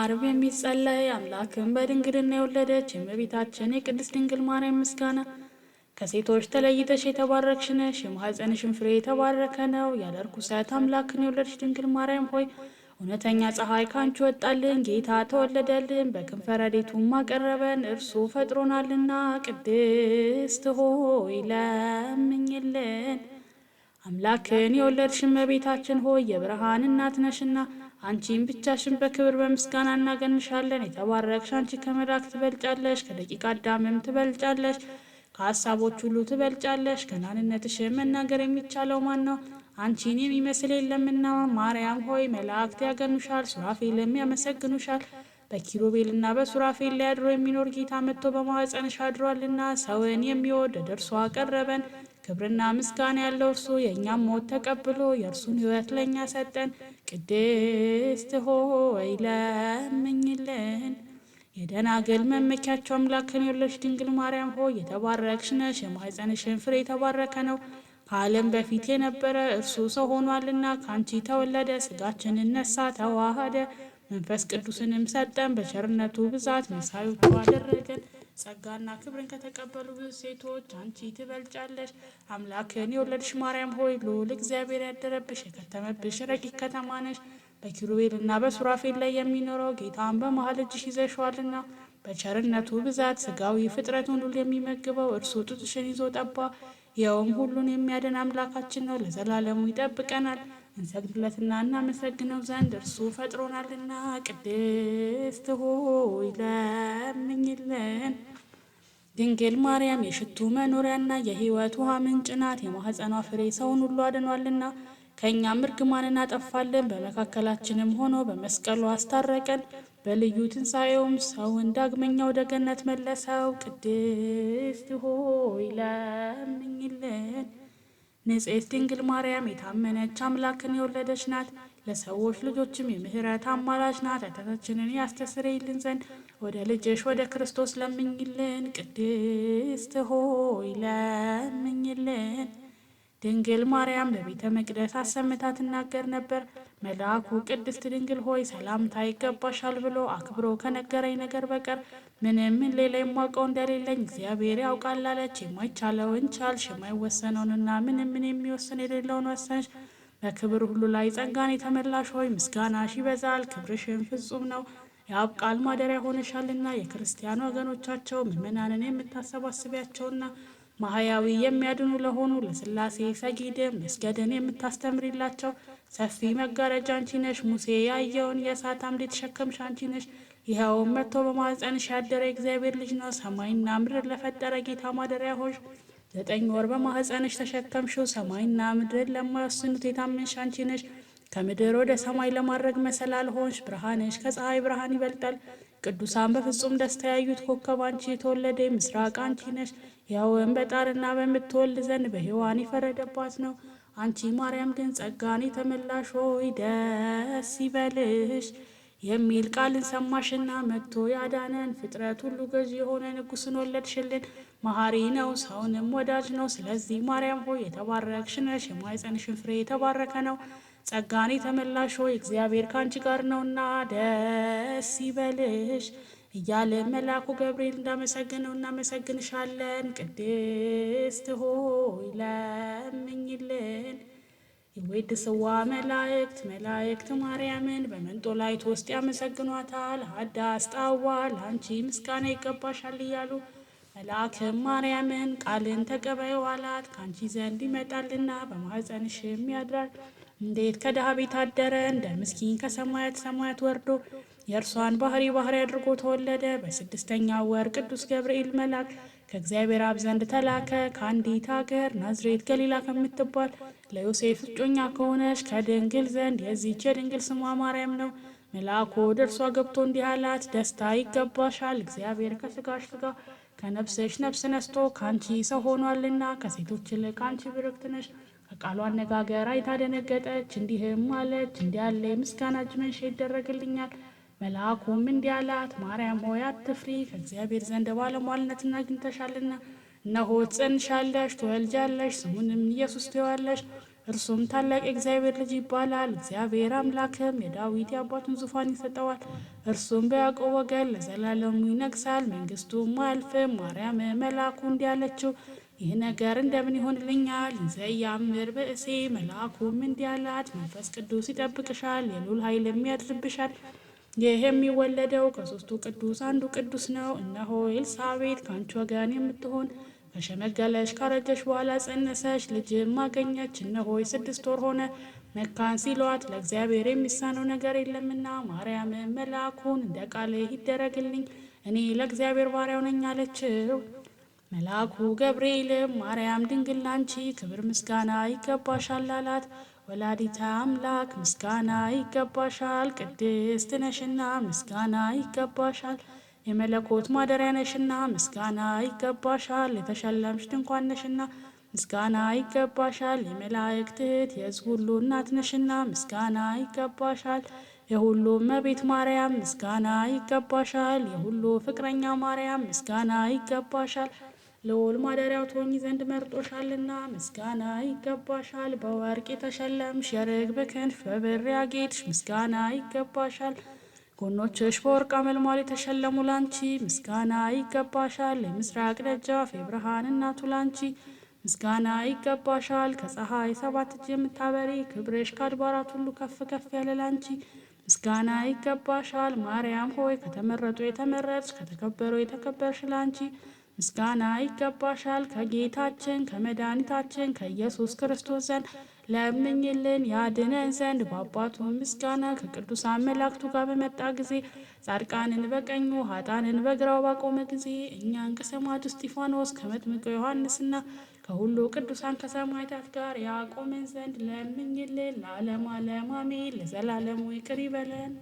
አርብ የሚጸለይ አምላክን በድንግልና የወለደች እመቤታችን የቅድስት ድንግል ማርያም ምስጋና ከሴቶች ተለይተሽ የተባረክሽ ነሽ፣ የማኅፀንሽን ፍሬ የተባረከ ነው። ያለ ርኩሰት አምላክን የወለደች ድንግል ማርያም ሆይ እውነተኛ ፀሐይ ካንቺ ወጣልን፣ ጌታ ተወለደልን፣ በክንፈ ረድኤቱም አቀረበን፣ እርሱ ፈጥሮናልና። ቅድስት ሆይ ለምኝልን። አምላክን የወለድሽ እመቤታችን ሆይ የብርሃን እናት ነሽና አንቺን ብቻሽን በክብር በምስጋና እናገንሻለን። የተባረክሽ አንቺ ከመላእክት ትበልጫለሽ፣ ከደቂቀ አዳምም ትበልጫለሽ፣ ከሀሳቦች ሁሉ ትበልጫለሽ። ገናንነትሽ መናገር የሚቻለው ማን ነው? አንቺን የሚመስል የለምና። ማርያም ሆይ መላእክት ያገኑሻል፣ ሱራፌልም ያመሰግኑሻል። በኪሩቤልና በሱራፌል ላይ አድሮ የሚኖር ጌታ መጥቶ በማኅፀንሽ አድሯልና ሰውን የሚወድ ወደ እርሱ አቀረበን። ክብርና ምስጋና ያለው እርሱ የእኛም ሞት ተቀብሎ የእርሱን ሕይወት ለእኛ ሰጠን። ቅድስት ሆይ ለምኝልን። የደናግል መመኪያቸው አምላክን የወለድሽ ድንግል ማርያም ሆይ የተባረክሽ ነሽ፣ የማኅፀንሽን ፍሬ የተባረከ ነው። ከዓለም በፊት የነበረ እርሱ ሰው ሆኗልና ከአንቺ ተወለደ፣ ስጋችን እነሳ ተዋሃደ መንፈስ ቅዱስንም ሰጠን፣ በቸርነቱ ብዛት መሳዩ አደረገን። ጸጋና ክብርን ከተቀበሉ ሴቶች አንቺ ትበልጫለሽ። አምላክን የወለድሽ ማርያም ሆይ ልዑል እግዚአብሔር ያደረብሽ የከተመብሽ ረቂቅ ከተማ ነሽ። በኪሩቤልና በሱራፌል ላይ የሚኖረው ጌታን በመሃል እጅሽ ይዘሸዋልና በቸርነቱ ብዛት ስጋዊ ፍጥረቱን ሁሉ የሚመግበው እርሱ ጡጥሽን ይዞ ጠባ። ይኸውም ሁሉን የሚያድን አምላካችን ነው፣ ለዘላለሙ ይጠብቀናል። እንሰግድለትና እናመሰግነው ዘንድ እርሱ ፈጥሮናልና። ቅድስት ሆይ ለምኝልን። ድንግል ማርያም የሽቱ መኖሪያና የሕይወት ውሃ ምንጭ ናት። የማህፀኗ ፍሬ ሰውን ሁሉ አድኗልና ከእኛም እርግማንን እናጠፋለን። በመካከላችንም ሆኖ በመስቀሉ አስታረቀን። በልዩ ትንሣኤውም ሰውን ዳግመኛ ወደ ገነት መለሰው። ቅድስት ሆይ ለምኝልን። ንጽሕት ድንግል ማርያም የታመነች አምላክን የወለደች ናት። ለሰዎች ልጆችም የምህረት አማላጅ ናት። ኃጢአታችንን ያስተሰርይልን ዘንድ ወደ ልጅሽ ወደ ክርስቶስ ለምኝልን። ቅድስት ሆይ ለምኝልን። ድንግል ማርያም በቤተ መቅደስ አሰምታ ትናገር ነበር። መልአኩ ቅድስት ድንግል ሆይ ሰላምታ ይገባሻል ብሎ አክብሮ ከነገረኝ ነገር በቀር ምንም ምን ሌላ የማውቀው እንደሌለኝ እግዚአብሔር ያውቃል አለች። የማይቻለውን ቻልሽ፣ የማይወሰነውንና ምንም ምን የሚወስን የሌለውን ወሰንሽ። በክብር ሁሉ ላይ ጸጋን የተመላሽ ሆይ ምስጋናሽ ይበዛል፣ ክብርሽም ፍጹም ነው። የአብ ቃል ማደሪያ ሆነሻልና የክርስቲያን ወገኖቻቸው ምዕመናንን የምታሰባስቢያቸውና ማህያዊ የሚያድኑ ለሆኑ ለስላሴ ሰጊድ መስገድን የምታስተምሪላቸው ሰፊ መጋረጃ አንቺ ነሽ። ሙሴ ያየውን የእሳት አምድ የተሸከምሽ አንቺ ነሽ። ይኸውም መጥቶ በማኅፀንሽ ያደረ እግዚአብሔር ልጅ ነው። ሰማይና ምድር ለፈጠረ ጌታ ማደሪያ ሆሽ ዘጠኝ ወር በማህፀንሽ ተሸከምሽው። ሰማይና ምድርን ለማይወስኑት የታመንሽ አንቺ ነሽ። ከምድር ወደ ሰማይ ለማድረግ መሰላል ሆንሽ። ብርሃንሽ ከፀሐይ ብርሃን ይበልጣል። ቅዱሳን በፍጹም ደስታ ያዩት ኮከብ አንቺ የተወለደ ምስራቅ አንቺ ነሽ። ሕያውን በጣርና በምትወልድ ዘንድ በሔዋን የፈረደባት ነው። አንቺ ማርያም ግን ጸጋን የተመላሽ ሆይ ደስ ይበልሽ የሚል ቃልን ሰማሽና መጥቶ ያዳነን ፍጥረት ሁሉ ገዥ የሆነ ንጉሥን ወለድሽልን። መሐሪ ነው፣ ሰውንም ወዳጅ ነው። ስለዚህ ማርያም ሆይ የተባረክሽ ነሽ፣ የማኅፀንሽን ፍሬ የተባረከ ነው። ጸጋን የተመላሽ ሆይ እግዚአብሔር ከአንቺ ጋር ነውና ደስ ይበልሽ እያለ መልአኩ ገብርኤል እንዳመሰገነው እናመሰግንሻለን። ቅድስት ሆይ ለምኝልን። ስዋ መላእክት መላእክት ማርያምን በመንጦላይት ውስጥ ያመሰግኗታል። ሀዳስ ጣዋ ለአንቺ ምስጋና ይገባሻል እያሉ መልአክም ማርያምን ቃልን ተቀበዩ ዋላት ከአንቺ ዘንድ ይመጣልና በማኅፀንሽም ያድራል እንዴት ከድሃ ቤት አደረ እንደ ምስኪን ከሰማያት ሰማያት ወርዶ የእርሷን ባህሪ ባህሪ አድርጎ ተወለደ። በስድስተኛው ወር ቅዱስ ገብርኤል መልአክ ከእግዚአብሔር አብ ዘንድ ተላከ። ከአንዲት ሀገር ናዝሬት ገሊላ ከምትባል ለዮሴፍ እጮኛ ከሆነች ከድንግል ዘንድ የዚች የድንግል ስሟ ማርያም ነው። መልአኩ ወደ እርሷ ገብቶ እንዲህ አላት፣ ደስታ ይገባሻል፣ እግዚአብሔር ከስጋሽ ስጋ ከነፍስሽ ነፍስ ነስቶ ከአንቺ ሰው ሆኗልና ከሴቶች ይልቅ አንቺ ብርክት ነሽ ከቃሉ አነጋገር አይታ ደነገጠች፣ እንዲህም አለች፦ እንዲያለ የምስጋና እጅ መንሻ ይደረግልኛል። መልአኩም እንዲህ አላት፣ ማርያም ሆይ አትፍሪ፣ ከእግዚአብሔር ዘንድ ባለሟልነትን አግኝተሻልና። እነሆ ትጸንሻለሽ፣ ትወልጃለሽ፣ ስሙንም ኢየሱስ ትይዋለሽ። እርሱም ታላቅ የእግዚአብሔር ልጅ ይባላል። እግዚአብሔር አምላክም የዳዊት የአባቱን ዙፋን ይሰጠዋል። እርሱም በያዕቆብ ወገን ለዘላለሙ ይነግሳል፣ መንግስቱም አያልፍም። ማርያም መልአኩ እንዲህ አለችው ይህ ነገር እንደምን ይሆንልኛል? ዘያምር ብእሴ መልአኩም እንዲህ አላት፣ መንፈስ ቅዱስ ይጠብቅሻል፣ የሉል ኃይልም ያድርብሻል። ይህ የሚወለደው ከሶስቱ ቅዱስ አንዱ ቅዱስ ነው። እነሆ ኤልሳቤት ከአንቺ ወገን የምትሆን ከሸመገለች ካረጀች በኋላ ጸነሰች፣ ልጅም አገኘች። እነሆይ ስድስት ወር ሆነ መካን ሲሏት ለእግዚአብሔር የሚሳነው ነገር የለምና። ማርያም መልአኩን እንደ ቃልህ ይደረግልኝ እኔ ለእግዚአብሔር ባሪያው ነኝ አለችው። መልአኩ ገብርኤልም ማርያም ድንግል ላንቺ ክብር ምስጋና ይገባሻል አላት። ወላዲተ አምላክ ምስጋና ይገባሻል፣ ቅድስት ነሽና ምስጋና ይገባሻል፣ የመለኮት ማደሪያ ነሽና ምስጋና ይገባሻል፣ የተሸለምሽ ድንኳን ነሽና ምስጋና ይገባሻል፣ የመላእክት እህት የሕዝብ ሁሉ እናት ነሽና ምስጋና ይገባሻል፣ የሁሉ እመቤት ማርያም ምስጋና ይገባሻል፣ የሁሉ ፍቅረኛ ማርያም ምስጋና ይገባሻል ልዑል ማደሪያው ትሆኚ ዘንድ መርጦሻልና ምስጋና ይገባሻል። በወርቅ የተሸለምሽ የርግብ ክንፍ በብር ያጌጥሽ ምስጋና ይገባሻል። ጎኖችሽ በወርቅ አመልማል የተሸለሙ ላንቺ ምስጋና ይገባሻል። የምስራቅ ደጃፍ የብርሃን እናቱ ላንቺ ምስጋና ይገባሻል። ከፀሐይ ሰባት እጅ የምታበሪ ክብርሽ ከአድባራት ሁሉ ከፍ ከፍ ያለ ላንቺ ምስጋና ይገባሻል። ማርያም ሆይ ከተመረጡ የተመረጥሽ ከተከበሩ የተከበርሽ ላንቺ ምስጋና ይገባሻል ከጌታችን ከመድኃኒታችን ከኢየሱስ ክርስቶስ ዘንድ ለምኝልን ያድነን ዘንድ በአባቱ ምስጋና ከቅዱሳን መላእክቱ ጋር በመጣ ጊዜ ጻድቃንን በቀኙ ሀጣንን በግራው ባቆመ ጊዜ እኛን ከሰማዕቱ እስጢፋኖስ ከመጥምቁ ዮሐንስና ከሁሉ ቅዱሳን ከሰማዕታት ጋር ያቆመን ዘንድ ለምኝልን። ለዓለም ዓለም አሜን። ለዘላለሙ ይቅር ይበለን።